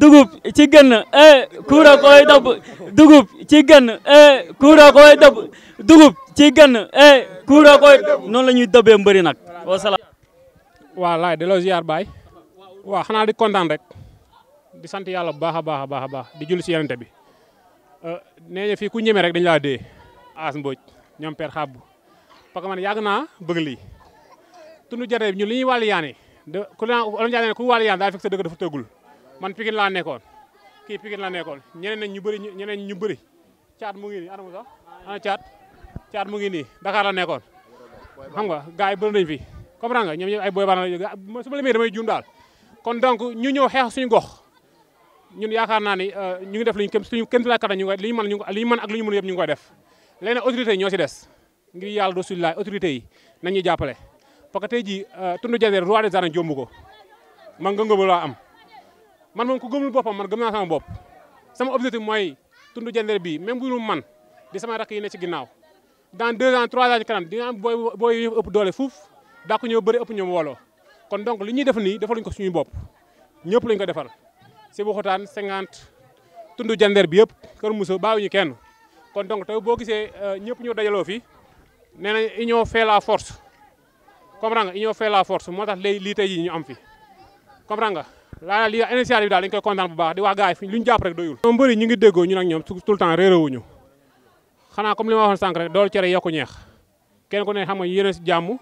dugub ci gën e kuura koy dugub ci gën e kuura koy dugub ci gën e kuura noon noonu la ñuy dabee mbëri nag wasalaam waaw laay da loo ziar baay waaw xanaa di kontaan rek di sant yàlla bu baax a baax a baax a baax di julli si yenente bi euh, nee na ku ñeme rek dañu laa dee aas mbooj ñoom per xabbu parce que naa bëgg lii tund jate bi ñun yaane de ku la Olof Njaay ne ku waale yàlla daa fekk sa dëgg dafa tëggul man Pikine laa nekkoon kii Pikine laa nekkoon ñeneen ñu bëri ñeneen ñu bëri caat mu ngi nii ana mu sax ana mu ngi nii Dakar nekkoon xam nga gars yi bëri nañ fi comprendre nga ñoom ñëpp ay boy bana su ma limee damay juum daal kon donc ñu ñëw xeex suñu gox ñun yaakaar naa ni euh, ñu ngi def luñu kém suñu kém si laakata ñu li ñu mën li ñu mën ak li ñu mën yëpp ñu ngi koy def léegi nag autorité yi ñoo si des ngir yàlla rasulillah autorité yi nañuy jàppale parce que tey jii euh, tund jaseer roi des arènes jombu ko man nga ngëma am man moom ku gëmul boppam man gëm sama bop sama objectif moy tund jaseer bi même bu man di sama rak yi ne ci ginnaw dans 2 ans 3 ans kanam di am boy boy yu upp doole fouf da ko ñew bëri upp ñom wolo kon donc li ñi def ni nii defaluñ ko suñu bop ñepp lañ ko defal ci bu xotaan 50 tund jandeer bi yep keur kër Moussa ñu kenn kon donc taw bo gisee euh, ñepp ñu dajalo fi nee ñoo fait la force comprends nga union fait la force moo tax léegi lii tey yi ñu am fi comprends nga laa lii initiative daal dañ koy kontaan bu baax di wax gars yi fi lu ñu jàpp rek doyul ñoom bëri ñu ngi déggoo ñun ak ñoom tout le xanaa comme li ma waxoon sànq rek dool cere yokku ñeex kenn ku ne xam nga si jàmm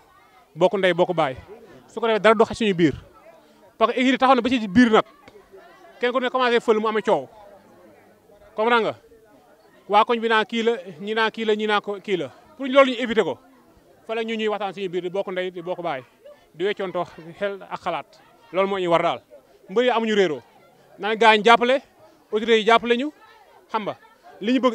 bokku ndey bokku baay su ko defee dara du xaj suñu biir parce que écrit na ba ci biir nag kenn ko ne commencé fël mu amee coow comprends nga waa koñ bi naa kii la ñi naa kii la ñi naa ko kii la pour loolu ñu éviter ko fa la ñu ñuy waxtaan suñu biir di bokk ndey di bokk baay di weccoonto xel ak xalaat loolu moo ñu war daal mbër yi ñu réeroo naan gaañ jàppale autorité yi jàppale ñu xam nga li ñu bëgg